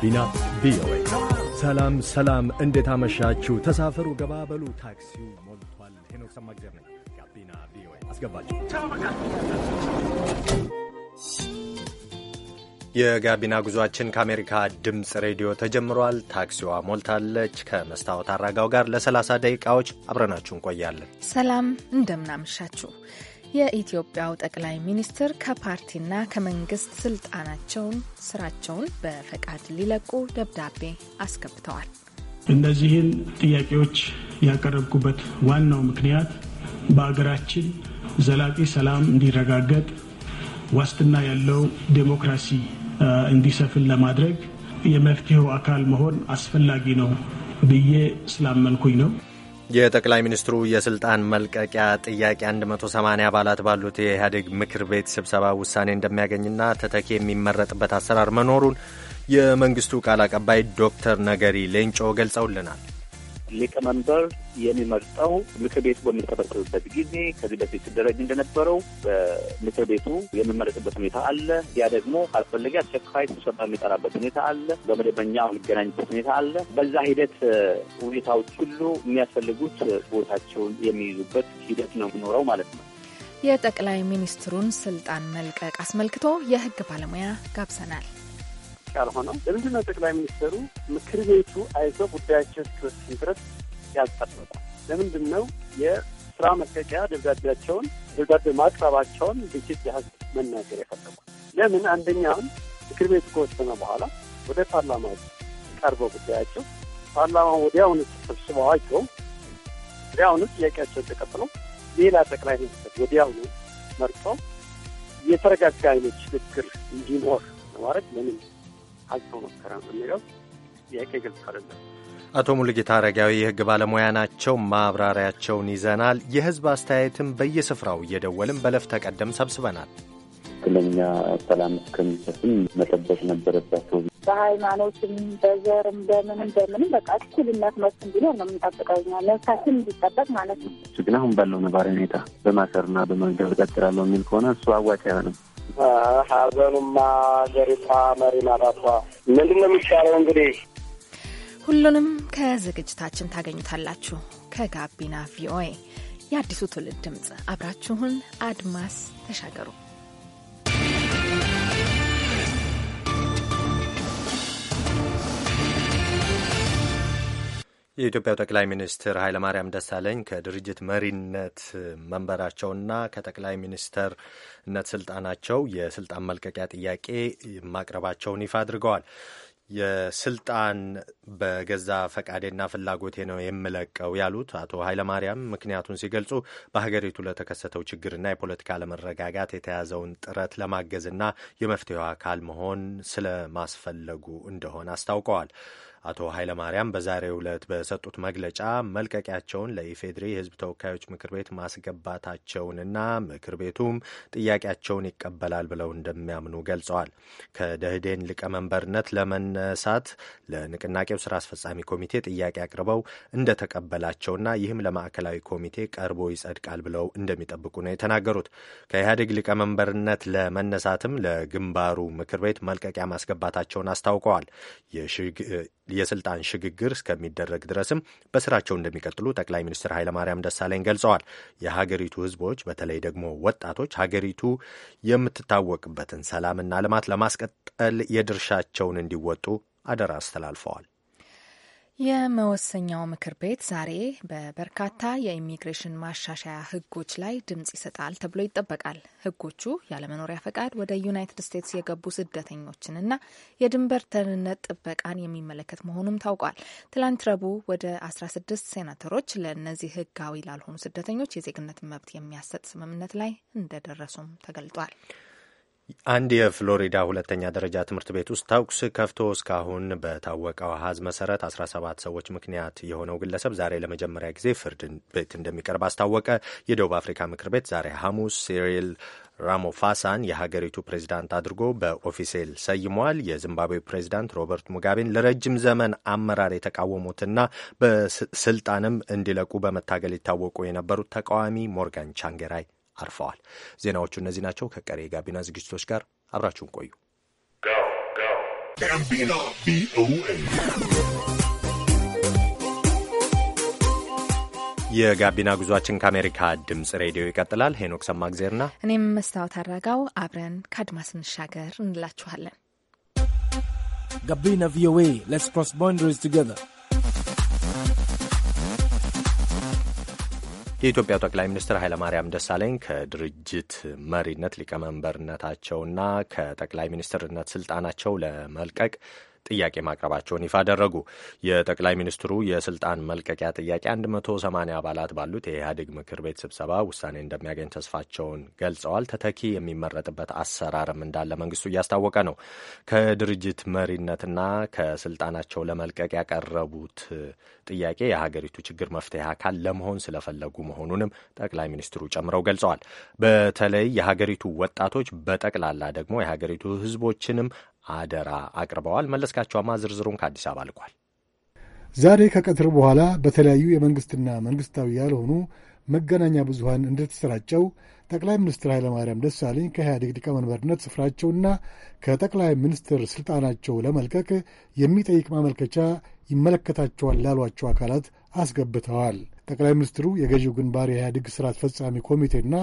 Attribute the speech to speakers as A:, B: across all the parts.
A: ጋቢና ቪኦኤ። ሰላም ሰላም፣ እንዴት አመሻችሁ? ተሳፈሩ፣ ገባበሉ፣
B: ታክሲው ሞልቷል። ሄኖክ ሰማግዜር ነኝ። ጋቢና ቪኦኤ አስገባችሁ።
A: የጋቢና ጉዟችን ከአሜሪካ ድምፅ ሬዲዮ ተጀምሯል። ታክሲዋ ሞልታለች። ከመስታወት አራጋው ጋር ለ30 ደቂቃዎች አብረናችሁ እንቆያለን።
C: ሰላም እንደምናመሻችሁ የኢትዮጵያው ጠቅላይ ሚኒስትር ከፓርቲና ከመንግስት ስልጣናቸውን ስራቸውን በፈቃድ ሊለቁ ደብዳቤ አስገብተዋል።
D: እነዚህን ጥያቄዎች ያቀረብኩበት ዋናው ምክንያት በሀገራችን ዘላቂ ሰላም እንዲረጋገጥ ዋስትና ያለው ዴሞክራሲ እንዲሰፍን ለማድረግ የመፍትሄው አካል መሆን አስፈላጊ ነው ብዬ ስላመንኩኝ ነው።
A: የጠቅላይ ሚኒስትሩ የስልጣን መልቀቂያ ጥያቄ 180 አባላት ባሉት የኢህአዴግ ምክር ቤት ስብሰባ ውሳኔ እንደሚያገኝና ተተኪ የሚመረጥበት አሰራር መኖሩን የመንግስቱ ቃል አቀባይ ዶክተር ነገሪ ሌንጮ ገልጸውልናል።
E: ሊቀመንበር የሚመርጠው ምክር ቤቱ በሚሰበሰብበት ጊዜ ከዚህ በፊት ሲደረግ እንደነበረው በምክር ቤቱ የሚመረጥበት ሁኔታ አለ። ያ ደግሞ አስፈላጊ አስቸኳይ ስብሰባ የሚጠራበት ሁኔታ አለ። በመደበኛ የሚገናኝበት ሁኔታ አለ። በዛ ሂደት ሁኔታዎች ሁሉ የሚያስፈልጉት ቦታቸውን የሚይዙበት ሂደት ነው የሚኖረው ማለት ነው።
C: የጠቅላይ ሚኒስትሩን ስልጣን መልቀቅ አስመልክቶ የህግ ባለሙያ ጋብሰናል።
E: ቃል ሆነው ለምንድን ነው ጠቅላይ ሚኒስትሩ ምክር ቤቱ አይዞ ጉዳያቸው እስኪወስን ድረስ ያልጠበቁ? ለምንድን ነው የስራ መልቀቂያ ደብዳቤያቸውን ደብዳቤ ማቅረባቸውን በኢትዮጵያ ሕዝብ መናገር የፈለጉ? ለምን አንደኛውን ምክር ቤቱ ከወሰነ በኋላ ወደ ፓርላማ ቀርበው ጉዳያቸው ፓርላማ ወዲያውኑ ተሰብስበው አይተው ወዲያውኑ ጥያቄያቸው ተቀብሎ ሌላ ጠቅላይ ሚኒስትር ወዲያውኑ መርጦ የተረጋጋ አይነት ሽግግር እንዲኖር ማለት ለምን አልተሞከረም የሚለው ጥያቄ ግልጽ አይደለም።
A: አቶ ሙሉጌታ አረጋዊ የህግ ባለሙያ ናቸው። ማብራሪያቸውን ይዘናል። የህዝብ አስተያየትም በየስፍራው እየደወልን በለፍ ተቀደም ሰብስበናል።
E: ትክክለኛ ሰላም እስከሚሰፍን መጠበቅ ነበረባቸው።
F: በሃይማኖትም በዘርም በምንም በምንም በቃ እኩልነት መብት እንዲኖር ነው የምንጠብቀው እኛ መብታችን እንዲጠበቅ ማለት ነው።
E: ግን አሁን ባለው ነባሪ ሁኔታ በማሰርና በመግደል እቀጥላለሁ የሚል ከሆነ እሱ አዋጭ አይሆንም። ሀዘኑማ ሀገሪቷ መሪ ማጣቷ ምንድን ነው የሚሻለው እንግዲህ
C: ሁሉንም ከዝግጅታችን ታገኙታላችሁ። ከጋቢና ቪኦኤ የአዲሱ ትውልድ ድምፅ አብራችሁን አድማስ ተሻገሩ።
A: የኢትዮጵያው ጠቅላይ ሚኒስትር ኃይለማርያም ደሳለኝ ከድርጅት መሪነት መንበራቸውና ከጠቅላይ ሚኒስተርነት ስልጣናቸው የስልጣን መልቀቂያ ጥያቄ ማቅረባቸውን ይፋ አድርገዋል። የስልጣን በገዛ ፈቃዴና ፍላጎቴ ነው የምለቀው ያሉት አቶ ኃይለማርያም ምክንያቱን ሲገልጹ በሀገሪቱ ለተከሰተው ችግርና የፖለቲካ አለመረጋጋት የተያዘውን ጥረት ለማገዝና የመፍትሄው አካል መሆን ስለማስፈለጉ እንደሆነ አስታውቀዋል። አቶ ኃይለማርያም በዛሬው ዕለት በሰጡት መግለጫ መልቀቂያቸውን ለኢፌዴሪ የህዝብ ተወካዮች ምክር ቤት ማስገባታቸውንና ምክር ቤቱም ጥያቄያቸውን ይቀበላል ብለው እንደሚያምኑ ገልጸዋል። ከደህዴን ሊቀመንበርነት ለመነሳት ለንቅናቄው ስራ አስፈጻሚ ኮሚቴ ጥያቄ አቅርበው እንደተቀበላቸውና ይህም ለማዕከላዊ ኮሚቴ ቀርቦ ይጸድቃል ብለው እንደሚጠብቁ ነው የተናገሩት። ከኢህአዴግ ሊቀመንበርነት ለመነሳትም ለግንባሩ ምክር ቤት መልቀቂያ ማስገባታቸውን አስታውቀዋል። የስልጣን ሽግግር እስከሚደረግ ድረስም በስራቸው እንደሚቀጥሉ ጠቅላይ ሚኒስትር ኃይለማርያም ደሳለኝ ገልጸዋል። የሀገሪቱ ህዝቦች በተለይ ደግሞ ወጣቶች ሀገሪቱ የምትታወቅበትን ሰላምና ልማት ለማስቀጠል የድርሻቸውን እንዲወጡ አደራ አስተላልፈዋል።
C: የመወሰኛው ምክር ቤት ዛሬ በበርካታ የኢሚግሬሽን ማሻሻያ ህጎች ላይ ድምጽ ይሰጣል ተብሎ ይጠበቃል። ህጎቹ ያለመኖሪያ ፈቃድ ወደ ዩናይትድ ስቴትስ የገቡ ስደተኞችንና የድንበር ደህንነት ጥበቃን የሚመለከት መሆኑም ታውቋል። ትላንት ረቡዕ ወደ 16 ሴናተሮች ለእነዚህ ህጋዊ ላልሆኑ ስደተኞች የዜግነት መብት የሚያሰጥ ስምምነት ላይ እንደደረሱም ተገልጧል።
A: አንድ የፍሎሪዳ ሁለተኛ ደረጃ ትምህርት ቤት ውስጥ ተኩስ ከፍቶ እስካሁን በታወቀው አሀዝ መሰረት 17 ሰዎች ምክንያት የሆነው ግለሰብ ዛሬ ለመጀመሪያ ጊዜ ፍርድ ቤት እንደሚቀርብ አስታወቀ። የደቡብ አፍሪካ ምክር ቤት ዛሬ ሐሙስ ሲሪል ራሞፋሳን የሀገሪቱ ፕሬዚዳንት አድርጎ በኦፊሴል ሰይሟል። የዚምባብዌ ፕሬዚዳንት ሮበርት ሙጋቤን ለረጅም ዘመን አመራር የተቃወሙትና በስልጣንም እንዲለቁ በመታገል ይታወቁ የነበሩት ተቃዋሚ ሞርጋን ቻንጌራይ አርፈዋል። ዜናዎቹ እነዚህ ናቸው። ከቀሪ የጋቢና ዝግጅቶች ጋር አብራችሁን ቆዩ። የጋቢና ጉዟችን ከአሜሪካ ድምጽ ሬዲዮ ይቀጥላል። ሄኖክ ሰማግዜርና
C: እኔም መስታወት አረጋው አብረን ከአድማስ እንሻገር እንላችኋለን። ጋቢና ቪኦኤ ሌትስ ክሮስ ባውንደሪስ ቱጌዘር
A: የኢትዮጵያው ጠቅላይ ሚኒስትር ኃይለማርያም ደሳለኝ ከድርጅት መሪነት ሊቀመንበርነታቸውና ከጠቅላይ ሚኒስትርነት ስልጣናቸው ለመልቀቅ ጥያቄ ማቅረባቸውን ይፋ አደረጉ። የጠቅላይ ሚኒስትሩ የስልጣን መልቀቂያ ጥያቄ 180 አባላት ባሉት የኢህአዴግ ምክር ቤት ስብሰባ ውሳኔ እንደሚያገኝ ተስፋቸውን ገልጸዋል። ተተኪ የሚመረጥበት አሰራርም እንዳለ መንግስቱ እያስታወቀ ነው። ከድርጅት መሪነትና ከስልጣናቸው ለመልቀቅ ያቀረቡት ጥያቄ የሀገሪቱ ችግር መፍትሄ አካል ለመሆን ስለፈለጉ መሆኑንም ጠቅላይ ሚኒስትሩ ጨምረው ገልጸዋል። በተለይ የሀገሪቱ ወጣቶች በጠቅላላ ደግሞ የሀገሪቱ ህዝቦችንም አደራ አቅርበዋል። መለስካቸዋማ ዝርዝሩን ከአዲስ አበባ ልኳል።
G: ዛሬ ከቀትር በኋላ በተለያዩ የመንግሥትና መንግሥታዊ ያልሆኑ መገናኛ ብዙሀን እንደተሰራጨው ጠቅላይ ሚኒስትር ኃይለማርያም ደሳለኝ ከኢህአዴግ ሊቀመንበርነት ስፍራቸውና ከጠቅላይ ሚኒስትር ሥልጣናቸው ለመልቀቅ የሚጠይቅ ማመልከቻ ይመለከታቸዋል ላሏቸው አካላት አስገብተዋል። ጠቅላይ ሚኒስትሩ የገዢው ግንባር የኢህአዴግ ሥራ አስፈጻሚ ኮሚቴና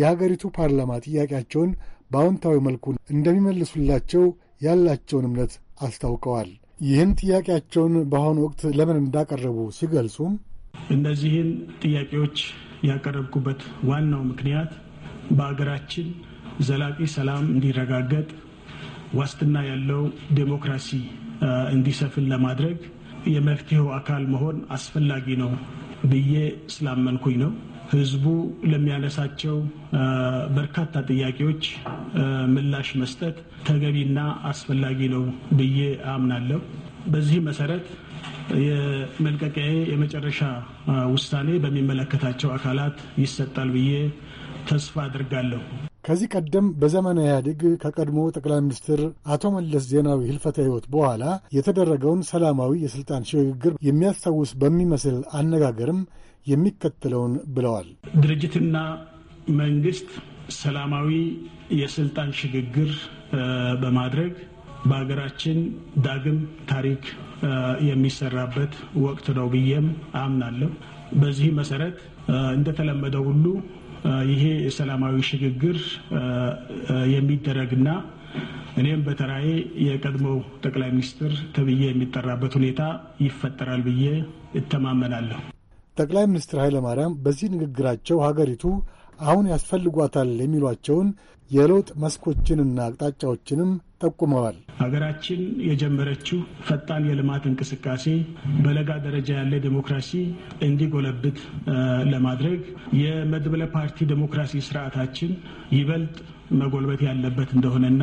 G: የሀገሪቱ ፓርላማ ጥያቄያቸውን በአዎንታዊ መልኩ እንደሚመልሱላቸው ያላቸውን እምነት አስታውቀዋል። ይህን ጥያቄያቸውን በአሁኑ ወቅት ለምን እንዳቀረቡ ሲገልጹም
D: እነዚህን ጥያቄዎች ያቀረብኩበት ዋናው ምክንያት በሀገራችን ዘላቂ ሰላም እንዲረጋገጥ ዋስትና ያለው ዴሞክራሲ እንዲሰፍን ለማድረግ የመፍትሄው አካል መሆን አስፈላጊ ነው ብዬ ስላመንኩኝ ነው። ህዝቡ ለሚያነሳቸው በርካታ ጥያቄዎች ምላሽ መስጠት ተገቢና አስፈላጊ ነው ብዬ አምናለሁ። በዚህ መሰረት የመልቀቂያዬ የመጨረሻ ውሳኔ በሚመለከታቸው አካላት ይሰጣል ብዬ ተስፋ አድርጋለሁ። ከዚህ ቀደም
G: በዘመነ ኢህአዴግ ከቀድሞ ጠቅላይ ሚኒስትር አቶ መለስ ዜናዊ ህልፈተ ህይወት በኋላ የተደረገውን ሰላማዊ የስልጣን ሽግግር የሚያስታውስ በሚመስል አነጋገርም የሚከተለውን ብለዋል።
D: ድርጅትና መንግስት ሰላማዊ የስልጣን ሽግግር በማድረግ በሀገራችን ዳግም ታሪክ የሚሰራበት ወቅት ነው ብዬም አምናለሁ። በዚህ መሰረት እንደተለመደ ሁሉ ይሄ የሰላማዊ ሽግግር የሚደረግና እኔም በተራዬ የቀድሞው ጠቅላይ ሚኒስትር ተብዬ የሚጠራበት ሁኔታ ይፈጠራል ብዬ እተማመናለሁ። ጠቅላይ ሚኒስትር
G: ኃይለ ማርያም በዚህ ንግግራቸው ሀገሪቱ አሁን ያስፈልጓታል የሚሏቸውን የለውጥ መስኮችንና አቅጣጫዎችንም ጠቁመዋል።
D: ሀገራችን የጀመረችው ፈጣን የልማት እንቅስቃሴ በለጋ ደረጃ ያለ ዴሞክራሲ እንዲጎለብት ለማድረግ የመድብለ ፓርቲ ዴሞክራሲ ስርዓታችን ይበልጥ መጎልበት ያለበት እንደሆነና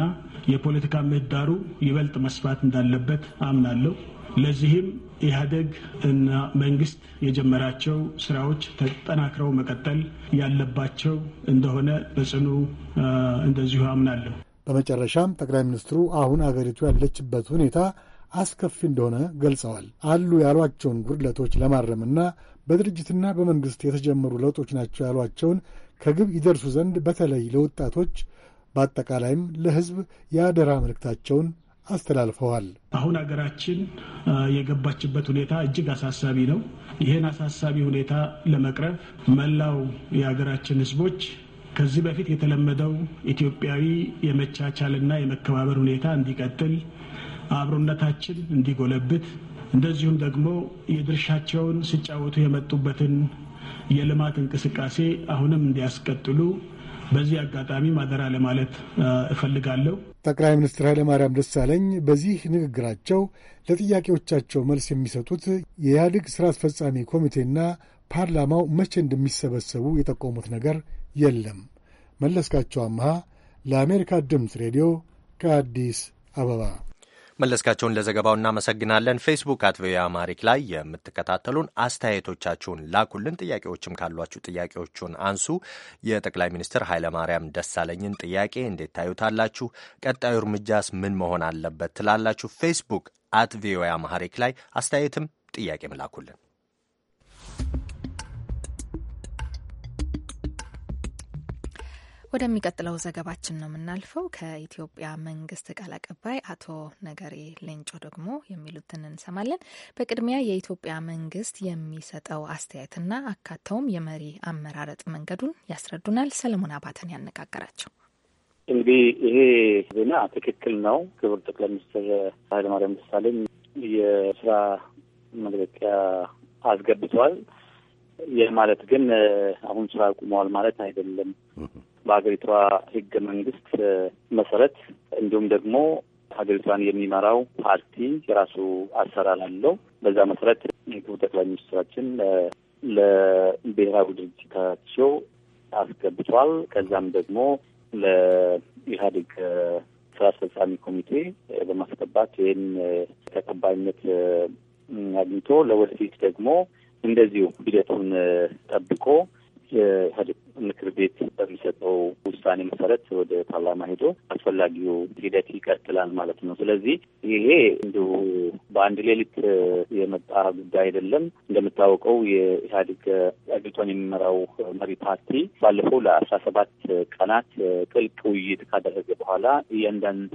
D: የፖለቲካ ምህዳሩ ይበልጥ መስፋት እንዳለበት አምናለሁ። ለዚህም ኢህአደግ እና መንግስት የጀመራቸው ስራዎች ተጠናክረው መቀጠል ያለባቸው እንደሆነ በጽኑ እንደዚሁ አምናለሁ።
G: በመጨረሻም ጠቅላይ ሚኒስትሩ አሁን አገሪቱ ያለችበት ሁኔታ አስከፊ እንደሆነ ገልጸዋል። አሉ ያሏቸውን ጉድለቶች ለማረምና በድርጅትና በመንግስት የተጀመሩ ለውጦች ናቸው ያሏቸውን ከግብ ይደርሱ ዘንድ በተለይ ለወጣቶች በአጠቃላይም ለሕዝብ የአደራ መልእክታቸውን አስተላልፈዋል።
D: አሁን ሀገራችን የገባችበት ሁኔታ እጅግ አሳሳቢ ነው። ይህን አሳሳቢ ሁኔታ ለመቅረፍ መላው የሀገራችን ህዝቦች ከዚህ በፊት የተለመደው ኢትዮጵያዊ የመቻቻልና የመከባበር ሁኔታ እንዲቀጥል፣ አብሮነታችን እንዲጎለብት፣ እንደዚሁም ደግሞ የድርሻቸውን ሲጫወቱ የመጡበትን የልማት እንቅስቃሴ አሁንም እንዲያስቀጥሉ በዚህ አጋጣሚ ማደራ ለማለት እፈልጋለሁ።
G: ጠቅላይ ሚኒስትር ኃይለ ማርያም ደሳለኝ በዚህ ንግግራቸው ለጥያቄዎቻቸው መልስ የሚሰጡት የኢህአዴግ ሥራ አስፈጻሚ ኮሚቴና ፓርላማው መቼ እንደሚሰበሰቡ የጠቆሙት ነገር የለም። መለስካቸው አምሃ ለአሜሪካ ድምፅ ሬዲዮ ከአዲስ አበባ
A: መለስካቸውን ለዘገባው እናመሰግናለን። ፌስቡክ አት ቪኦኤ አማሪክ ላይ የምትከታተሉን አስተያየቶቻችሁን ላኩልን። ጥያቄዎችም ካሏችሁ ጥያቄዎቹን አንሱ። የጠቅላይ ሚኒስትር ኃይለማርያም ደሳለኝን ጥያቄ እንዴት ታዩታላችሁ? ቀጣዩ እርምጃስ ምን መሆን አለበት ትላላችሁ? ፌስቡክ አት ቪኦኤ አማሪክ ላይ አስተያየትም ጥያቄም ላኩልን።
C: ወደሚቀጥለው ዘገባችን ነው የምናልፈው። ከኢትዮጵያ መንግስት ቃል አቀባይ አቶ ነገሬ ሌንጮ ደግሞ የሚሉትን እንሰማለን። በቅድሚያ የኢትዮጵያ መንግስት የሚሰጠው አስተያየትና አካተውም የመሪ አመራረጥ መንገዱን ያስረዱናል። ሰለሞን አባተን ያነጋገራቸው
E: እንግዲህ ይሄ ዜና ትክክል ነው። ክቡር ጠቅላይ ሚኒስትር ኃይለማርያም ደሳለኝ የስራ መግለጫ አስገብተዋል። ይህ ማለት ግን አሁን ስራ አቁመዋል ማለት አይደለም። በሀገሪቷ ህገ መንግስት መሰረት እንዲሁም ደግሞ ሀገሪቷን የሚመራው ፓርቲ የራሱ አሰራር አለው። በዛ መሰረት ክቡር ጠቅላይ ሚኒስትራችን ለብሔራዊ ድርጅታቸው አስገብቷል። ከዛም ደግሞ ለኢህአዴግ ስራ አስፈጻሚ ኮሚቴ በማስገባት ይህን ተቀባይነት አግኝቶ ለወደፊት ደግሞ እንደዚሁ ሂደቱን ጠብቆ የኢህአዴግ ምክር ቤት በሚሰጠው ውሳኔ መሰረት ወደ ፓርላማ ሄዶ አስፈላጊው ሂደት ይቀጥላል ማለት ነው። ስለዚህ ይሄ እንዲሁ በአንድ ሌሊት የመጣ ጉዳይ አይደለም። እንደምታወቀው የኢህአዴግ አገሪቷን የሚመራው መሪ ፓርቲ ባለፈው ለአስራ ሰባት ቀናት ጥልቅ ውይይት ካደረገ በኋላ እያንዳንዱ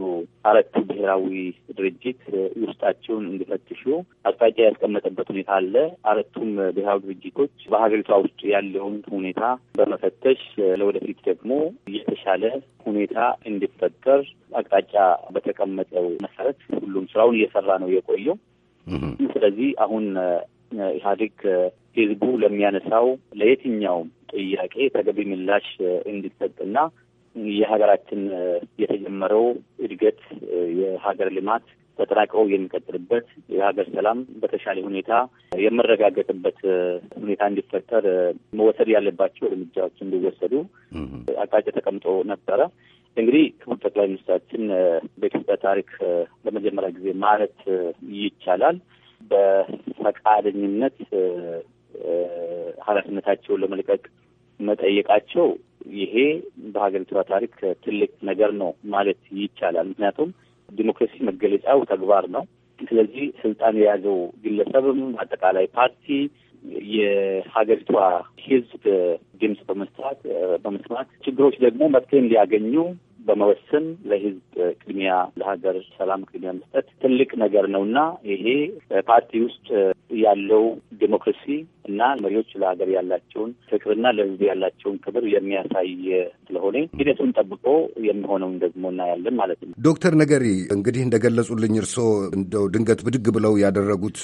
E: አራቱ ብሔራዊ ድርጅት ውስጣቸውን እንዲፈትሹ አቅጣጫ ያስቀመጠበት ሁኔታ አለ። አራቱም ብሔራዊ ድርጅቶች በሀገሪቷ ውስጥ ያለውን ሁኔታ በመፈ ፈተሽ ለወደፊት ደግሞ የተሻለ ሁኔታ እንዲፈጠር አቅጣጫ በተቀመጠው መሰረት ሁሉም ስራውን እየሰራ ነው የቆየው። ስለዚህ አሁን ኢህአዴግ ህዝቡ ለሚያነሳው ለየትኛውም ጥያቄ ተገቢ ምላሽ እንዲሰጥና የሀገራችን የተጀመረው እድገት የሀገር ልማት ተጠራቅቀው የሚቀጥልበት የሀገር ሰላም በተሻለ ሁኔታ የመረጋገጥበት ሁኔታ እንዲፈጠር መወሰድ ያለባቸው እርምጃዎች እንዲወሰዱ አቅጣጫ ተቀምጦ ነበረ። እንግዲህ ክቡር ጠቅላይ ሚኒስትራችን በኢትዮጵያ ታሪክ ለመጀመሪያ ጊዜ ማለት ይቻላል በፈቃደኝነት ኃላፊነታቸውን ለመልቀቅ መጠየቃቸው ይሄ በሀገሪቷ ታሪክ ትልቅ ነገር ነው ማለት ይቻላል። ምክንያቱም ዲሞክራሲ መገለጫው ተግባር ነው። ስለዚህ ስልጣን የያዘው ግለሰብም አጠቃላይ ፓርቲ የሀገሪቷ ሕዝብ ድምፅ በመስራት በመስማት ችግሮች ደግሞ መፍትሄ እንዲያገኙ በመወሰን ለሕዝብ ቅድሚያ ለሀገር ሰላም ቅድሚያ መስጠት ትልቅ ነገር ነው እና ይሄ ፓርቲ ውስጥ ያለው ዲሞክራሲ እና መሪዎች ለሀገር ያላቸውን ፍቅርና ለህዝብ ያላቸውን ክብር የሚያሳይ ስለሆነ ሂደቱን ጠብቆ የሚሆነውን ደግሞ እናያለን ማለት ነው።
B: ዶክተር ነገሪ እንግዲህ እንደገለጹልኝ እርስዎ እንደው ድንገት ብድግ ብለው ያደረጉት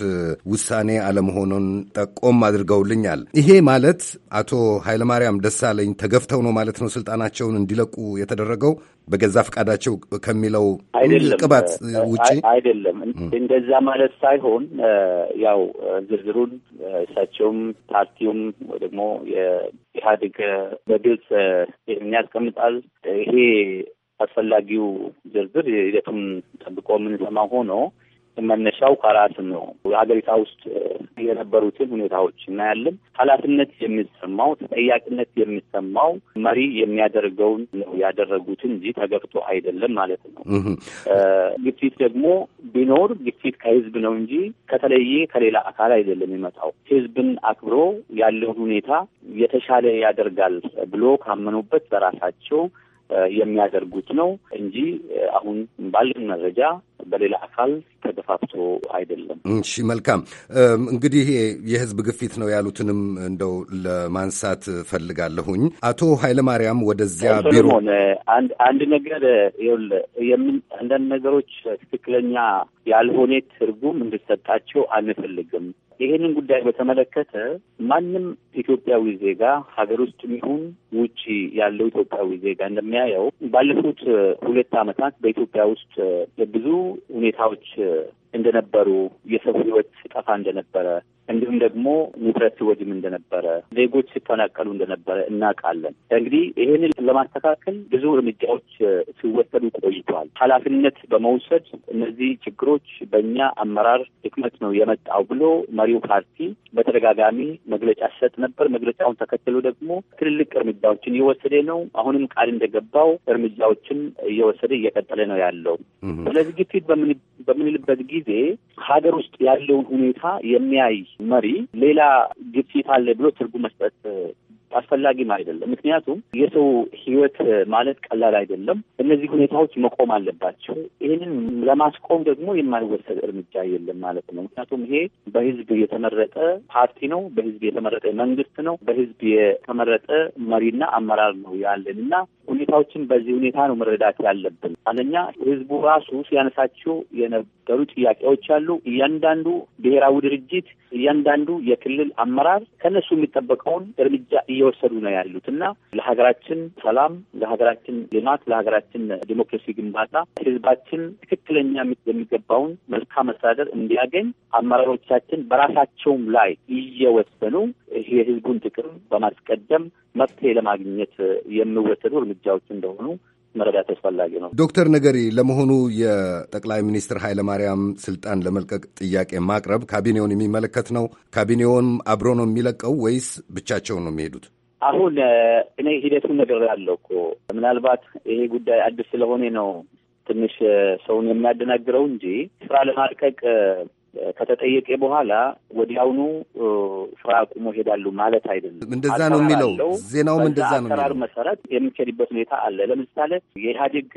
B: ውሳኔ አለመሆኑን ጠቆም አድርገውልኛል። ይሄ ማለት አቶ ኃይለማርያም ደሳለኝ ተገፍተው ነው ማለት ነው ስልጣናቸውን እንዲለቁ የተደረገው በገዛ ፈቃዳቸው ከሚለው ቅባት ውጭ
E: አይደለም። እንደዛ ማለት ሳይሆን ያው ዝርዝሩን እሳቸውም ፓርቲውም ወይ ደግሞ የኢህአዴግ በግልጽ የሚያስቀምጣል ይሄ አስፈላጊው ዝርዝር ሂደቱን ጠብቆ የምንሰማ ሆኖ መነሻው ከአራት ነው። ሀገሪቷ ውስጥ የነበሩትን ሁኔታዎች እናያለን። ኃላፊነት የሚሰማው ተጠያቂነት የሚሰማው መሪ የሚያደርገውን ነው ያደረጉትን እንጂ ተገብቶ አይደለም ማለት ነው። ግፊት ደግሞ ቢኖር ግፊት ከህዝብ ነው እንጂ ከተለየ ከሌላ አካል አይደለም የሚመጣው። ህዝብን አክብሮ ያለውን ሁኔታ የተሻለ ያደርጋል ብሎ ካመኑበት በራሳቸው የሚያደርጉት ነው እንጂ አሁን ባለን መረጃ በሌላ አካል ተገፋፍቶ
B: አይደለም። እሺ፣ መልካም እንግዲህ የህዝብ ግፊት ነው ያሉትንም እንደው ለማንሳት ፈልጋለሁኝ። አቶ ኃይለማርያም ወደዚያ ቢሮ
E: አንድ ነገር አንዳንድ ነገሮች ትክክለኛ ያልሆነ ትርጉም እንድሰጣቸው አንፈልግም። ይህንን ጉዳይ በተመለከተ ማንም ኢትዮጵያዊ ዜጋ ሀገር ውስጥ የሚሆን ውጭ ያለው ኢትዮጵያዊ ዜጋ እንደሚያየው ባለፉት ሁለት ዓመታት በኢትዮጵያ ውስጥ ብዙ ሁኔታዎች እንደነበሩ የሰው ሕይወት ሲጠፋ እንደነበረ እንዲሁም ደግሞ ንብረት ሲወድም እንደነበረ ዜጎች ሲፈናቀሉ እንደነበረ እናውቃለን። እንግዲህ ይህንን ለማስተካከል ብዙ እርምጃዎች ሲወሰዱ ቆይቷል። ኃላፊነት በመውሰድ እነዚህ ችግሮች በእኛ አመራር ድክመት ነው የመጣው ብሎ መሪው ፓርቲ በተደጋጋሚ መግለጫ ሲሰጥ ነበር። መግለጫውን ተከትሎ ደግሞ ትልልቅ እርምጃ እርምጃዎችን እየወሰደ ነው። አሁንም ቃል እንደገባው እርምጃዎችን እየወሰደ እየቀጠለ ነው ያለው። ስለዚህ ግፊት በምንልበት ጊዜ ሀገር ውስጥ ያለውን ሁኔታ የሚያይ መሪ ሌላ ግፊት አለ ብሎ ትርጉም መስጠት አስፈላጊም አይደለም። ምክንያቱም የሰው ህይወት ማለት ቀላል አይደለም። እነዚህ ሁኔታዎች መቆም አለባቸው። ይህንን ለማስቆም ደግሞ የማይወሰድ እርምጃ የለም ማለት ነው። ምክንያቱም ይሄ በህዝብ የተመረጠ ፓርቲ ነው፣ በህዝብ የተመረጠ መንግስት ነው፣ በህዝብ የተመረጠ መሪና አመራር ነው ያለን እና ሁኔታዎችን በዚህ ሁኔታ ነው መረዳት ያለብን። አንደኛ ህዝቡ ራሱ ሲያነሳቸው የነበሩ ጥያቄዎች አሉ። እያንዳንዱ ብሔራዊ ድርጅት፣ እያንዳንዱ የክልል አመራር ከነሱ የሚጠበቀውን እርምጃ እየ እየወሰዱ ነው ያሉት እና ለሀገራችን ሰላም፣ ለሀገራችን ልማት፣ ለሀገራችን ዲሞክራሲ ግንባታ ህዝባችን ትክክለኛ የሚገባውን መልካም መስተዳደር እንዲያገኝ አመራሮቻችን በራሳቸውም ላይ እየወሰኑ የህዝቡን ጥቅም በማስቀደም መፍትሄ ለማግኘት የሚወሰዱ እርምጃዎች እንደሆኑ መረዳት አስፈላጊ ነው። ዶክተር
B: ነገሪ፣ ለመሆኑ የጠቅላይ ሚኒስትር ኃይለማርያም ስልጣን ለመልቀቅ ጥያቄ ማቅረብ ካቢኔውን የሚመለከት ነው? ካቢኔውን አብሮ ነው የሚለቀው ወይስ ብቻቸውን ነው የሚሄዱት?
E: አሁን እኔ ሂደቱን ነገር ያለው እኮ ምናልባት ይሄ ጉዳይ አዲስ ስለሆነ ነው ትንሽ ሰውን የሚያደናግረው እንጂ ስራ ለማርቀቅ ከተጠየቀ በኋላ ወዲያውኑ ስራ አቁሞ ሄዳሉ ማለት አይደለም። እንደዛ ነው የሚለው ዜናውም እንደዛ ነው። አሰራር መሰረት የሚካሄድበት ሁኔታ አለ። ለምሳሌ የኢህአዴግ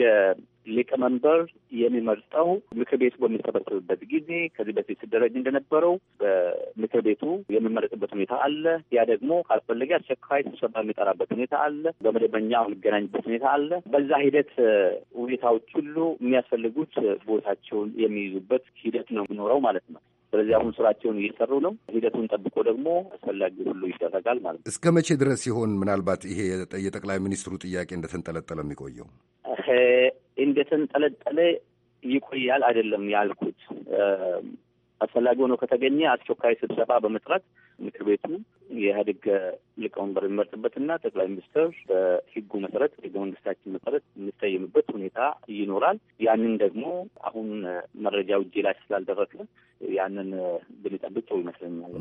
E: ሊቀመንበር የሚመርጠው ምክር ቤቱ በሚሰበሰብበት ጊዜ ከዚህ በፊት ሲደረግ እንደነበረው በምክር ቤቱ የሚመረጥበት ሁኔታ አለ። ያ ደግሞ ካልፈለገ አስቸኳይ ስብሰባ የሚጠራበት ሁኔታ አለ። በመደበኛ የሚገናኝበት ሁኔታ አለ። በዛ ሂደት ሁኔታዎች ሁሉ የሚያስፈልጉት ቦታቸውን የሚይዙበት ሂደት ነው የሚኖረው ማለት ነው። ስለዚህ አሁን ስራቸውን እየሰሩ ነው። ሂደቱን ጠብቆ ደግሞ አስፈላጊ ሁሉ ይደረጋል ማለት ነው።
B: እስከ መቼ ድረስ ሲሆን ምናልባት ይሄ የጠቅላይ ሚኒስትሩ ጥያቄ እንደተንጠለጠለ የሚቆየው
E: እንደተንጠለጠለ ይቆያል አይደለም ያልኩት። አስፈላጊ ሆኖ ከተገኘ አስቸኳይ ስብሰባ በመጥራት ምክር ቤቱ የኢህአዴግ ሊቀመንበር የሚመርጥበትና ጠቅላይ ሚኒስትር በህጉ መሰረት ህገ መንግስታችን መሰረት የሚሰየምበት ሁኔታ ይኖራል። ያንን ደግሞ አሁን መረጃው እጄ ላይ ስላልደረሰ ያንን ብንጠብቅ ጥሩ ይመስለኛል።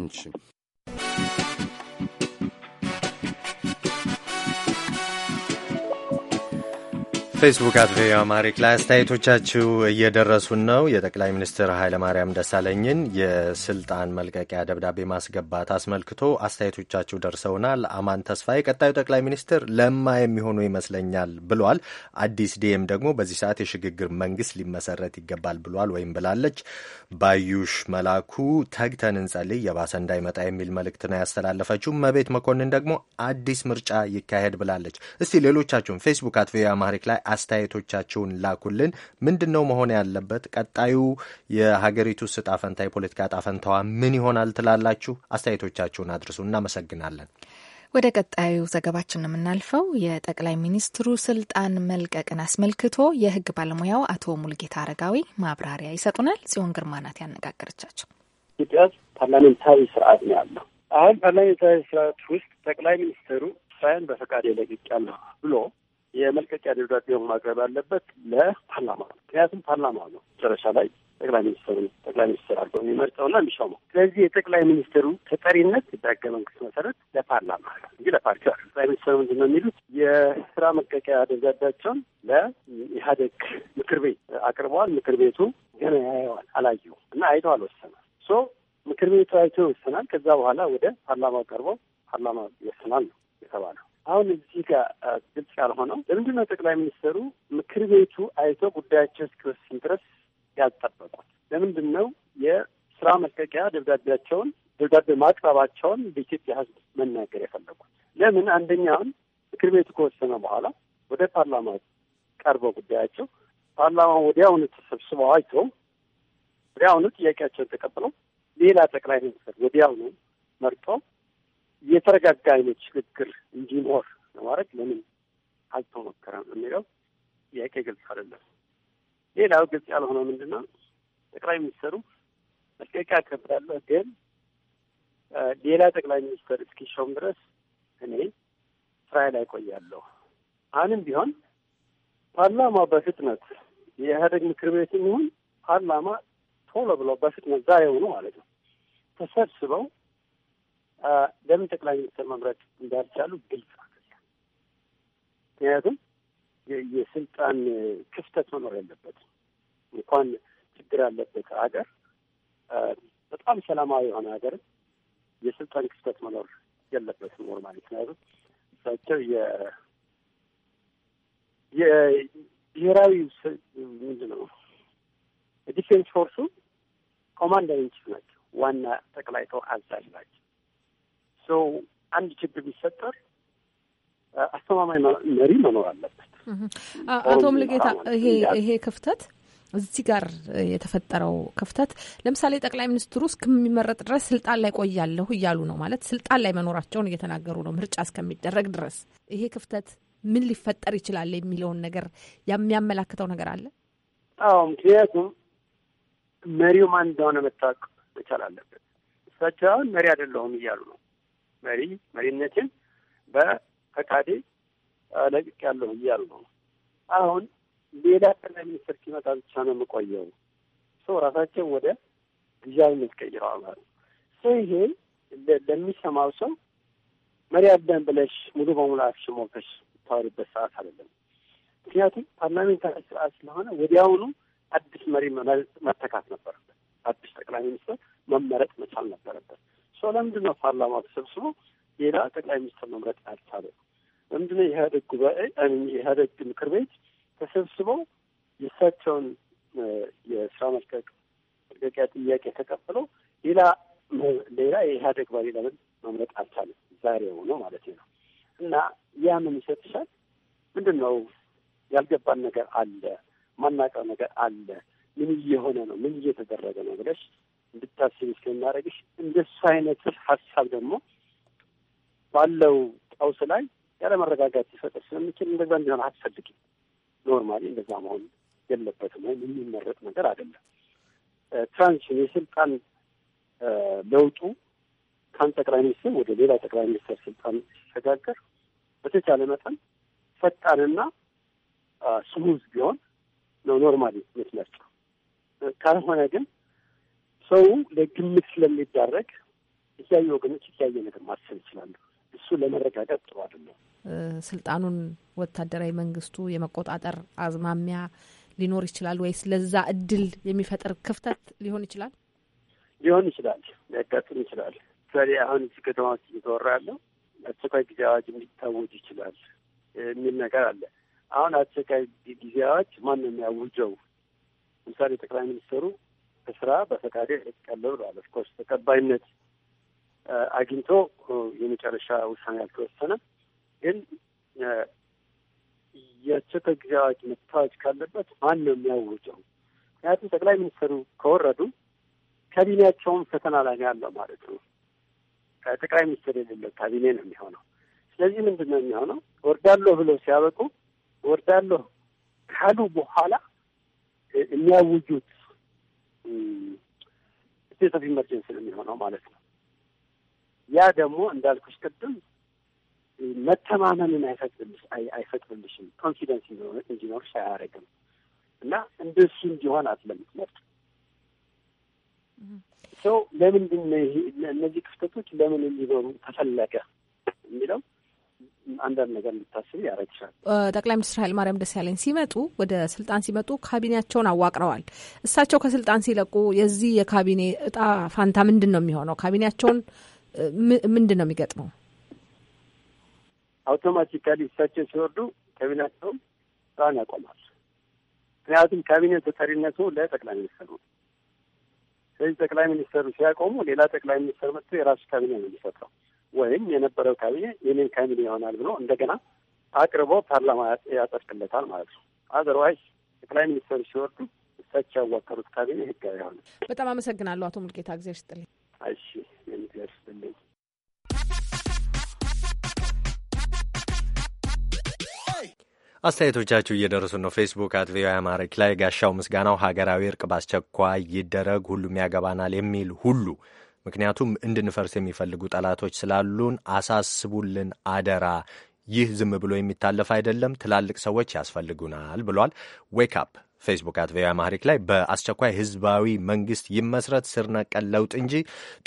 A: ፌስቡክ አት ቪኦኤ አማሪክ ላይ አስተያየቶቻችሁ እየደረሱን ነው። የጠቅላይ ሚኒስትር ኃይለማርያም ደሳለኝን የስልጣን መልቀቂያ ደብዳቤ ማስገባት አስመልክቶ አስተያየቶቻችሁ ደርሰውናል። አማን ተስፋዬ ቀጣዩ ጠቅላይ ሚኒስትር ለማ የሚሆኑ ይመስለኛል ብሏል። አዲስ ዲኤም ደግሞ በዚህ ሰዓት የሽግግር መንግስት ሊመሰረት ይገባል ብሏል ወይም ብላለች። ባዩሽ መላኩ ተግተን እንጸልይ የባሰ እንዳይመጣ የሚል መልእክት ነው ያስተላለፈችው። መቤት መኮንን ደግሞ አዲስ ምርጫ ይካሄድ ብላለች። እስቲ ሌሎቻችሁን ፌስቡክ አት ቪኦኤ አማሪክ ላይ አስተያየቶቻችሁን ላኩልን። ምንድን ነው መሆን ያለበት? ቀጣዩ የሀገሪቱ ስጣፈንታ የፖለቲካ ጣፈንታዋ ምን ይሆናል ትላላችሁ? አስተያየቶቻችሁን አድርሱ። እናመሰግናለን።
C: ወደ ቀጣዩ ዘገባችን የምናልፈው የጠቅላይ ሚኒስትሩ ስልጣን መልቀቅን አስመልክቶ የህግ ባለሙያው አቶ ሙልጌታ አረጋዊ ማብራሪያ ይሰጡናል። ጽዮን ግርማ ናት ያነጋገረቻቸው።
E: ኢትዮጵያ ውስጥ ፓርላሜንታዊ ስርዓት ነው ያለው። አሁን ፓርላሜንታዊ ስርዓት ውስጥ ጠቅላይ ሚኒስትሩ ስራዬን በፈቃድ ለቅቄያለሁ ብሎ የመልቀቂያ ደብዳቤውን ማቅረብ ያለበት ለፓርላማ ነው። ምክንያቱም ፓርላማ ነው መጨረሻ ላይ ጠቅላይ ሚኒስትሩ ጠቅላይ ሚኒስትር አድርገው የሚመርጠውና የሚሾመው። ስለዚህ የጠቅላይ ሚኒስትሩ ተጠሪነት በህገ መንግስት መሰረት ለፓርላማ እንጂ ለፓርቲ ጠቅላይ ሚኒስትሩ ምንድን ነው የሚሉት? የስራ መቀቂያ ደብዳቤያቸውን ለኢህአዴግ ምክር ቤት አቅርበዋል። ምክር ቤቱ ገና ያየዋል፣ አላየው እና አይቶ አልወሰናል። ሶ ምክር ቤቱ አይቶ ይወሰናል። ከዛ በኋላ ወደ ፓርላማው ቀርበው ፓርላማ ይወሰናል ነው የተባለው። አሁን እዚህ ጋር ግልጽ ያልሆነው ለምንድነው ጠቅላይ ሚኒስትሩ ምክር ቤቱ አይቶ ጉዳያቸው እስኪወስን ድረስ ያልጠበቁት? ለምንድን ነው የስራ መልቀቂያ ደብዳቤያቸውን ደብዳቤ ማቅረባቸውን በኢትዮጵያ ህዝብ መናገር የፈለጉት? ለምን አንደኛውን ምክር ቤቱ ከወሰነ በኋላ ወደ ፓርላማ ቀርበው ጉዳያቸው ፓርላማ ወዲያውኑ ተሰብስበው አይቶ ወዲያውኑ ጥያቄያቸውን ተቀብለው ሌላ ጠቅላይ ሚኒስትር ወዲያውኑ መርጦ የተረጋጋ አይነት ሽግግር እንዲኖር ለማድረግ ለምን አልተሞከረም የሚለው ጥያቄ ግልጽ አይደለም። ሌላው ግልጽ ያልሆነው ምንድን ነው ጠቅላይ ሚኒስትሩ መልቀቂያ ከብዳለሁ ግን ሌላ ጠቅላይ ሚኒስትር እስኪሾም ድረስ እኔ ስራዬ ላይ ቆያለሁ። አሁንም ቢሆን ፓርላማ በፍጥነት የኢህአደግ ምክር ቤትም ይሁን ፓርላማ ቶሎ ብሎ በፍጥነት ዛሬ ሆኖ ማለት ነው ተሰብስበው ለምን ጠቅላይ ሚኒስትር መምረጥ እንዳልቻሉ ግልጽ አይደለም። ምክንያቱም የስልጣን ክፍተት መኖር የለበት። እንኳን ችግር ያለበት ሀገር በጣም ሰላማዊ የሆነ ሀገር የስልጣን ክፍተት መኖር የለበትም። ኖርማል ምክንያቱም እሳቸው የብሔራዊ ምንድን ነው የዲፌንስ ፎርሱ ኮማንደር ኢንቺፍ ናቸው። ዋና ጠቅላይ ጦር አዛዥ ናቸው። ሶ አንድ ችግር ቢፈጠር አስተማማኝ መሪ መኖር አለበት።
H: አቶ ምልጌታ ይሄ ይሄ ክፍተት እዚህ ጋር የተፈጠረው ክፍተት ለምሳሌ ጠቅላይ ሚኒስትሩ እስከሚመረጥ ድረስ ስልጣን ላይ ቆያለሁ እያሉ ነው ማለት ስልጣን ላይ መኖራቸውን እየተናገሩ ነው፣ ምርጫ እስከሚደረግ ድረስ። ይሄ ክፍተት ምን ሊፈጠር ይችላል የሚለውን ነገር የሚያመላክተው ነገር አለ። አዎ፣ ምክንያቱም መሪው ማን እንደሆነ መታወቅ
E: መቻል አለበት። እሳቸው አሁን መሪ አይደለሁም እያሉ ነው። መሪ መሪነትን ፈቃዴ ለቅቅ ያለሁ እያሉ ነው። አሁን ሌላ ጠቅላይ ሚኒስትር ሲመጣ ብቻ ነው የምቆየው። ሰው ራሳቸው ወደ ጊዜያዊነት ቀይረዋል ማለት ሰው ይሄ ለሚሰማው ሰው መሪ አለን ብለሽ ሙሉ በሙሉ አፍሽን ሞልተሽ ታወሪበት ሰዓት አይደለም። ምክንያቱም ፓርላሜንታዊ ስርዓት ስለሆነ ወዲያውኑ አዲስ መሪ መተካት ነበረበት። አዲስ ጠቅላይ ሚኒስትር መመረጥ መቻል ነበረበት። ሰው ለምንድን ነው ተሰብስቦ ሌላ ጠቅላይ ሚኒስትር መምረጥ ያልቻለ? ለምንድነው የኢህአዴግ ጉባኤ አይ የኢህአዴግ ምክር ቤት ተሰብስበው የእሳቸውን የስራ መልቀቅ መልቀቂያ ጥያቄ ተቀብለው ሌላ ሌላ የኢህአደግ ባሪ ለምን መምረጥ አልቻለም? ዛሬ ሆኖ ማለት ነው። እና ያ ምን ይሰጥሻል? ምንድን ነው ያልገባን ነገር አለ፣ ማናቀው ነገር አለ፣ ምን እየሆነ ነው፣ ምን እየተደረገ ነው ብለሽ እንድታስብ ስለሚያደርግሽ እንደሱ አይነት ሀሳብ ደግሞ ባለው ቀውስ ላይ ያለመረጋጋት ሊፈጠር ስለሚችል እንደዛ እንዲሆን አትፈልግም። ኖርማሊ እንደዛ መሆን የለበትም ወይም የሚመረጥ ነገር አይደለም። ትራንዚሽን የስልጣን ለውጡ ከአንድ ጠቅላይ ሚኒስትር ወደ ሌላ ጠቅላይ ሚኒስትር ስልጣን ሲሸጋገር በተቻለ መጠን ፈጣንና ስሙዝ ቢሆን ነው ኖርማሊ ይመስላቸው። ካልሆነ ግን ሰው ለግምት ስለሚዳረግ እያየ ወገኖች እያየ ነገር ማሰብ ይችላሉ። እሱ ለመረጋጋት ጥሩ አይደለም።
H: ስልጣኑን ወታደራዊ መንግስቱ የመቆጣጠር አዝማሚያ ሊኖር ይችላል ወይስ ለዛ እድል የሚፈጥር ክፍተት ሊሆን ይችላል
E: ሊሆን ይችላል ሊያጋጥም ይችላል። ምሳሌ አሁን እዚህ ከተማ ውስጥ እየተወራ ያለው አስቸኳይ ጊዜ አዋጅ እንዲታወጅ ይችላል የሚል ነገር አለ። አሁን አስቸኳይ ጊዜ አዋጅ ማን ነው የሚያውጀው? ለምሳሌ ጠቅላይ ሚኒስትሩ ከስራ በፈቃዴ እለቃለሁ ብለዋል። ኦፍኮርስ ተቀባይነት አግኝቶ የመጨረሻ ውሳኔ አልተወሰነም። ግን የአስቸኳይ ጊዜ አዋጅ መታወጅ ካለበት ማን ነው የሚያውጀው? ምክንያቱም ጠቅላይ ሚኒስትሩ ከወረዱ ካቢኔያቸውን ፈተና ላይ ያለው ማለት ነው። ጠቅላይ ሚኒስትር የሌለው ካቢኔ ነው የሚሆነው። ስለዚህ ምንድን ነው የሚሆነው? ወርዳለሁ ብለው ሲያበቁ ወርዳለሁ ካሉ በኋላ የሚያውጁት ስቴት ኦፍ ኢመርጀንሲ ነው የሚሆነው ማለት ነው። ያ ደግሞ እንዳልኩሽ ቅድም መተማመንን አይፈቅድልሽ አይፈቅድልሽም። ኮንፊደንስ እንዲኖርሽ አያደርግም እና እንደሱ እንዲሆን አትለምትመጥ ሰው ለምንድን እነዚህ ክፍተቶች ለምን እንዲኖሩ ተፈለገ የሚለው አንዳንድ ነገር እንድታስብ ያረግሻል።
H: ጠቅላይ ሚኒስትር ኃይለማርያም ደሳለኝ ሲመጡ ወደ ስልጣን ሲመጡ ካቢኔያቸውን አዋቅረዋል። እሳቸው ከስልጣን ሲለቁ የዚህ የካቢኔ እጣ ፋንታ ምንድን ነው የሚሆነው? ካቢኔያቸውን ምንድን ነው የሚገጥመው?
E: አውቶማቲካሊ እሳቸው ሲወርዱ ካቢኔታቸውም ስራን ያቆማል። ምክንያቱም ካቢኔ ተጠሪነቱ ለጠቅላይ ሚኒስትር ነው። ስለዚህ ጠቅላይ ሚኒስትሩ ሲያቆሙ ሌላ ጠቅላይ ሚኒስትር መጥቶ የራሱ ካቢኔ ነው የሚሰጠው ወይም የነበረው ካቢኔ የኔን ካቢኔ ይሆናል ብሎ እንደገና አቅርቦ ፓርላማ ያጠርቅለታል ማለት ነው። አዘርዋይስ ጠቅላይ ሚኒስትሩ ሲወርዱ እሳቸው ያዋቀሩት ካቢኔ ህጋዊ ይሆናል።
H: በጣም አመሰግናለሁ አቶ ሙልጌታ ጊዜ ስጥልኝ።
E: እሺ የሚደርስልኝ
A: አስተያየቶቻችሁ እየደረሱ ነው። ፌስቡክ አት ቪኦኤ አማሪክ ላይ ጋሻው ምስጋናው ሀገራዊ እርቅ በአስቸኳይ ይደረግ፣ ሁሉም ያገባናል የሚል ሁሉ ምክንያቱም እንድንፈርስ የሚፈልጉ ጠላቶች ስላሉን አሳስቡልን አደራ። ይህ ዝም ብሎ የሚታለፍ አይደለም፣ ትላልቅ ሰዎች ያስፈልጉናል ብሏል። ዌክ አፕ ፌስቡክ አት ቪኦኤ አማሪክ ላይ በአስቸኳይ ህዝባዊ መንግስት ይመስረት ስር ነቀል ለውጥ እንጂ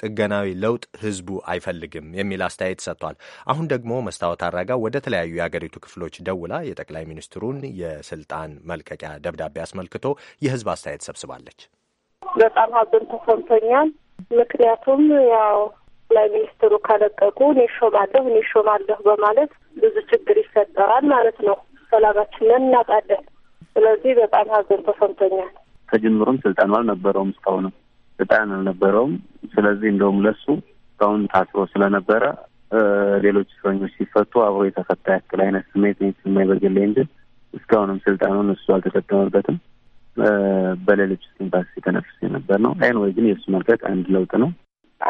A: ጥገናዊ ለውጥ ህዝቡ አይፈልግም የሚል አስተያየት ሰጥቷል። አሁን ደግሞ መስታወት አራጋ ወደ ተለያዩ የአገሪቱ ክፍሎች ደውላ የጠቅላይ ሚኒስትሩን የስልጣን መልቀቂያ ደብዳቤ አስመልክቶ የህዝብ አስተያየት ሰብስባለች።
F: በጣም ሀዘን ተሰምቶኛል። ምክንያቱም ያው ጠቅላይ ሚኒስትሩ ከለቀቁ እኔ ሾማለሁ እኔ ሾማለሁ በማለት ብዙ ችግር ይፈጠራል ማለት ነው። ሰላማችንን እናጣለን። ስለዚህ በጣም ሀዘን ተሰምቶኛል።
E: ከጅምሩም ስልጣኑ አልነበረውም፣ እስካሁንም ስልጣን አልነበረውም። ስለዚህ እንደውም ለሱ እስካሁን ታስሮ ስለነበረ ሌሎች እስረኞች ሲፈቱ አብሮ የተፈታ ያክል አይነት ስሜት ስማይ በግሌ እንጂ እስካሁንም ስልጣኑን እሱ አልተጠቀመበትም። በሌሎች ስንባስ የተነፍስ የነበር ነው። አይን ወይ ግን የእሱ መልቀቅ አንድ ለውጥ ነው።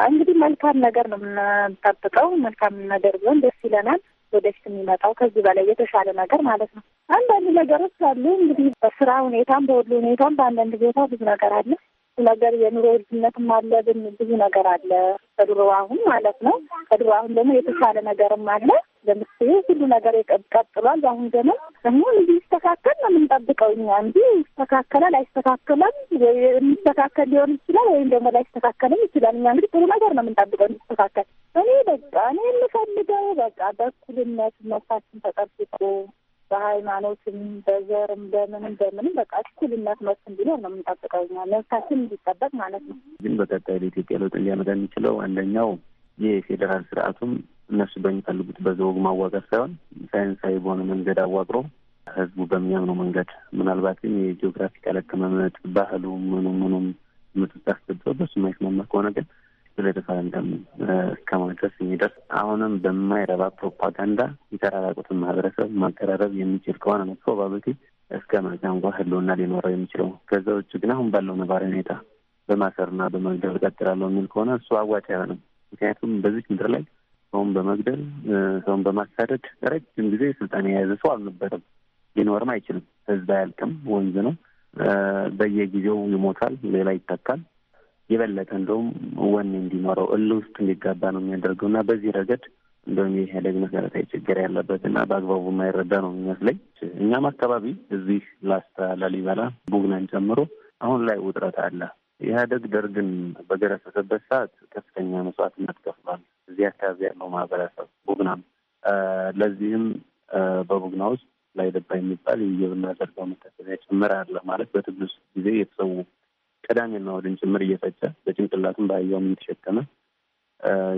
F: እንግዲህ መልካም ነገር ነው የምንጠብቀው። መልካም ነገር ቢሆን ደስ ይለናል። ወደፊት የሚመጣው ከዚህ በላይ የተሻለ ነገር ማለት ነው። አንዳንድ ነገሮች አሉ እንግዲህ በስራ ሁኔታም በወሎ ሁኔታም በአንዳንድ ቦታ ብዙ ነገር አለ። ነገር የኑሮ ውድነትም አለ፣ ግን ብዙ ነገር አለ ከድሮ አሁን ማለት ነው። ከድሮ አሁን ደግሞ የተሻለ ነገርም አለ። ለምሳሌ ሁሉ ነገር ቀጥሏል። አሁን ደግሞ ደግሞ ይስተካከል ነው የምንጠብቀው እኛ እንዲ ይስተካከላል አይስተካከላል፣ የሚስተካከል ሊሆን ይችላል ወይም ደግሞ ላይስተካከልም ይችላል። እኛ እንግዲህ ጥሩ ነገር ነው የምንጠብቀው እንዲስተካከል። እኔ በቃ እኔ የምፈልገው በቃ በእኩልነት መሳችን ተጠብቆ በሃይማኖትም በዘርም በምንም በምንም በቃ እኩልነት መብት እንዲኖር ነው የምንጠብቀው እኛ መብታችን እንዲጠበቅ ማለት ነው።
E: ግን በቀጣይ ለኢትዮጵያ ለውጥ ሊያመጣ የሚችለው አንደኛው ይህ የፌዴራል ስርዓቱም እነሱ በሚፈልጉት በዘወግ ማዋቀር ሳይሆን ሳይንሳዊ በሆነ መንገድ አዋቅሮ ህዝቡ በሚያምነው መንገድ ምናልባት ግን የጂኦግራፊካል አቀማመጥ ባህሉ ምኑ ምኑም ምጡት አስገብተው በሱ ማይስማማ ከሆነ ግን ለሪፈረንደም እስከማድረስ የሚደርስ አሁንም በማይረባ ፕሮፓጋንዳ የተራራቁትን ማህበረሰብ ማቀራረብ የሚችል ከሆነ ነው ፕሮባብሊቲ እስከ ምርጫ እንኳ ህልውና ሊኖረው የሚችለው። ከዛ ውጭ ግን አሁን ባለው ነባራዊ ሁኔታ በማሰርና በመግደል እቀጥላለሁ የሚል ከሆነ እሱ አዋጭ አይሆንም። ምክንያቱም በዚች ምድር ላይ ሰውን በመግደል ሰውን በማሳደድ ረጅም ጊዜ ስልጣን የያዘ ሰው አልነበረም፣ ሊኖርም አይችልም። ህዝብ አያልቅም፣ ወንዝ ነው። በየጊዜው ይሞታል፣ ሌላ ይተካል። የበለጠ እንደውም ወኔ እንዲኖረው እል ውስጥ እንዲጋባ ነው የሚያደርገው እና በዚህ ረገድ እንደውም ይህ መሰረታዊ ችግር ያለበት እና በአግባቡ የማይረዳ ነው የሚመስለኝ። እኛም አካባቢ እዚህ ላስታ፣ ላሊበላ፣ ቡግናን ጨምሮ አሁን ላይ ውጥረት አለ። ኢህአዴግ ደርግን በገረሰሰበት ሰዓት ከፍተኛ መስዋዕትነት ከፍሏል። እዚህ አካባቢ ያለው ማህበረሰብ ቡግናም ለዚህም በቡግና ውስጥ ላይ ደባ የሚባል የብና ደርጋ መታሰቢያ ጭምር አለ ማለት በትግል ጊዜ የተሰዉ ቅዳሜና እሑድን ጭምር እየፈጨ በጭንቅላቱም በአህያውም የተሸከመ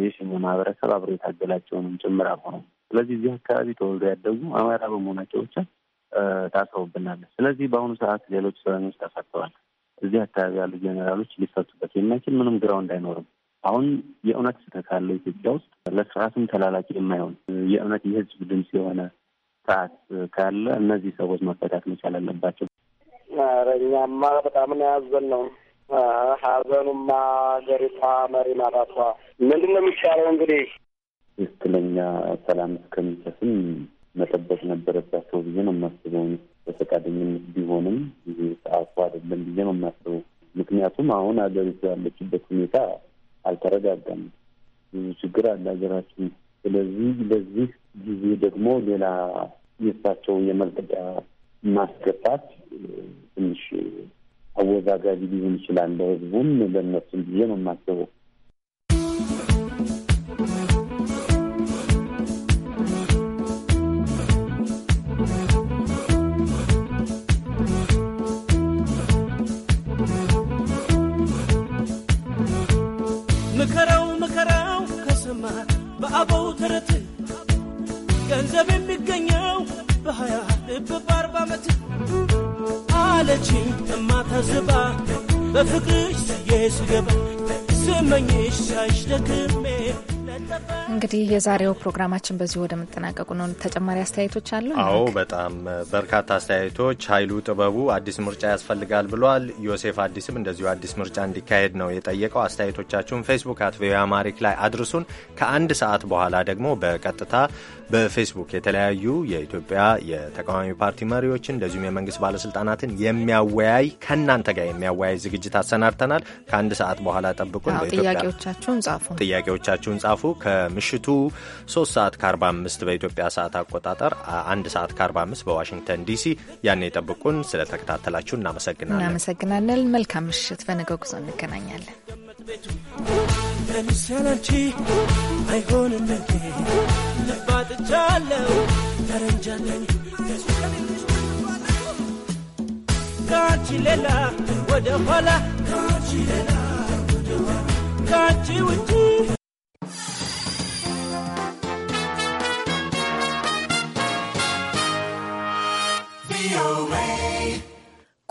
E: የሸኘ ማህበረሰብ አብሮ የታገላቸውንም ጭምር አልሆነም። ስለዚህ እዚህ አካባቢ ተወልዶ ያደጉ አማራ በመሆናቸው ብቻ ታስረውብናል። ስለዚህ በአሁኑ ሰዓት ሌሎች እስረኞች ተፈተዋል። እዚህ አካባቢ ያሉ ጀኔራሎች ሊፈቱበት የማይችል ምንም ግራው እንዳይኖርም አሁን የእውነት ፍትህ ካለ ኢትዮጵያ ውስጥ ለስርዓቱም ተላላቂ የማይሆን የእውነት የህዝብ ድምፅ የሆነ ስርዓት ካለ እነዚህ ሰዎች መፈታት መቻል አለባቸው። ኧረ እኛማ በጣም ነው ያዘን ነው ሀዘኑማ ሀገሪቷ መሪ ማጣቷ ምንድን ነው የሚቻለው እንግዲህ ትክክለኛ ሰላም እስከሚሰፍን መጠበቅ ነበረባቸው ብዬ ነው የማስበው። በፈቃደኝነት ቢሆንም ይሄ ሰዓቱ አይደለም ብዬ ነው የማስበው። ምክንያቱም አሁን ሀገሪቱ ያለችበት ሁኔታ አልተረጋጋም። ብዙ ችግር አለ ሀገራችን። ስለዚህ ለዚህ ጊዜ ደግሞ ሌላ የእሳቸው የመልቀቂያ ማስገባት ትንሽ አወዛጋቢ ሊሆን ይችላል ለህዝቡም ለነሱም ብዬ ነው የማስበው።
B: ምከራው ምከራው ከሰማ በአበው ተረት
D: ገንዘብ የሚገኘው በሀያ ልብ በአርባ ዓመት አለችኝ እማታዝባ በፍቅርሽ ስዬ ስገባ
C: ስመኝሽ ሳይሽ ደክሜ እንግዲህ የዛሬው ፕሮግራማችን በዚሁ ወደ መጠናቀቁ ነው። ተጨማሪ አስተያየቶች አሉ? አዎ፣
A: በጣም በርካታ አስተያየቶች። ኃይሉ ጥበቡ አዲስ ምርጫ ያስፈልጋል ብሏል። ዮሴፍ አዲስም እንደዚሁ አዲስ ምርጫ እንዲካሄድ ነው የጠየቀው። አስተያየቶቻችሁን ፌስቡክ አት ቪኦኤ አማሪክ ላይ አድርሱን። ከአንድ ሰዓት በኋላ ደግሞ በቀጥታ በፌስቡክ የተለያዩ የኢትዮጵያ የተቃዋሚ ፓርቲ መሪዎችን እንደዚሁም የመንግስት ባለስልጣናትን የሚያወያይ ከእናንተ ጋር የሚያወያይ ዝግጅት አሰናድተናል። ከአንድ ሰዓት በኋላ ጠብቁን።
C: ጥያቄዎቻችሁን ጻፉ።
A: ጥያቄዎቻችሁን ጻፉ። ከምሽቱ 3 ሰዓት ከ45 በኢትዮጵያ ሰዓት አቆጣጠር፣ 1 ሰዓት ከ45 በዋሽንግተን ዲሲ። ያኔ የጠብቁን። ስለተከታተላችሁ እናመሰግናለን።
C: እናመሰግናለን። መልካም ምሽት። በነገው ጉዞ እንገናኛለን።
F: ለሚሰላንቺ አይሆንም እንዴ ልባጥቻለው ተረንጃለኝ ካንቺ ሌላ ወደ ኋላ ካንቺ ሌላ ወደ ኋላ ካንቺ ውጪ